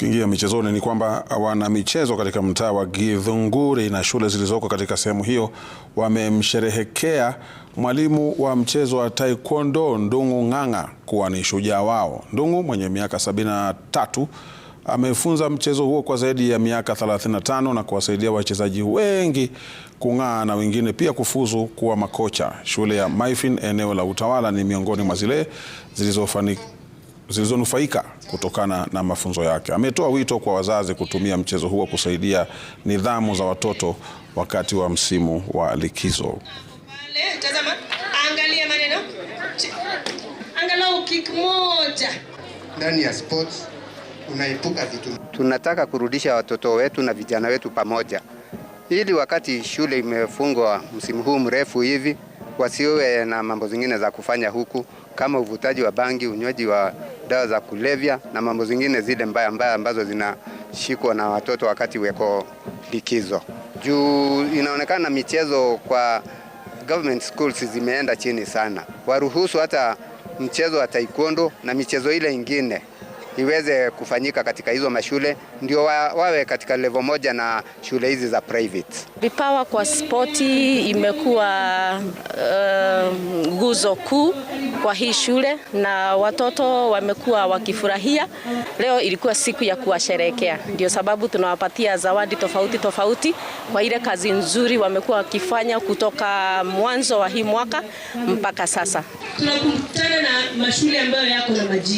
Tukiingia michezoni ni kwamba wana michezo katika mtaa wa Githunguri na shule zilizoko katika sehemu hiyo wamemsherehekea mwalimu wa mchezo wa taekwondo Ndung'u Ng'ang'a kuwa ni shujaa wao. Ndung'u mwenye miaka 73 amefunza mchezo huo kwa zaidi ya miaka 35 na kuwasaidia wachezaji wengi kung'aa na wengine pia kufuzu kuwa makocha. Shule ya Maifin eneo la Utawala ni miongoni mwa zile zilizofanikiwa zilizonufaika kutokana na mafunzo yake. Ametoa wito kwa wazazi kutumia mchezo huo kusaidia nidhamu za watoto wakati wa msimu wa likizo. Tunataka kurudisha watoto wetu na vijana wetu pamoja, ili wakati shule imefungwa msimu huu mrefu hivi wasiwe na mambo zingine za kufanya huku kama uvutaji wa bangi, unywaji wa dawa za kulevya na mambo zingine zile mbaya mbaya ambazo zinashikwa na watoto wakati weko likizo. Juu inaonekana michezo kwa government schools zimeenda chini sana, waruhusu hata mchezo wa taekwondo na michezo ile ingine iweze kufanyika katika hizo mashule ndio wa, wawe katika level moja na shule hizi za private. Vipawa kwa spoti imekuwa eh, nguzo uh, kuu kwa hii shule na watoto wamekuwa wakifurahia. Leo ilikuwa siku ya kuwasherekea, ndio sababu tunawapatia zawadi tofauti tofauti kwa ile kazi nzuri wamekuwa wakifanya kutoka mwanzo wa hii mwaka mpaka sasa. Tunakutana na mashule ambayo yako na maji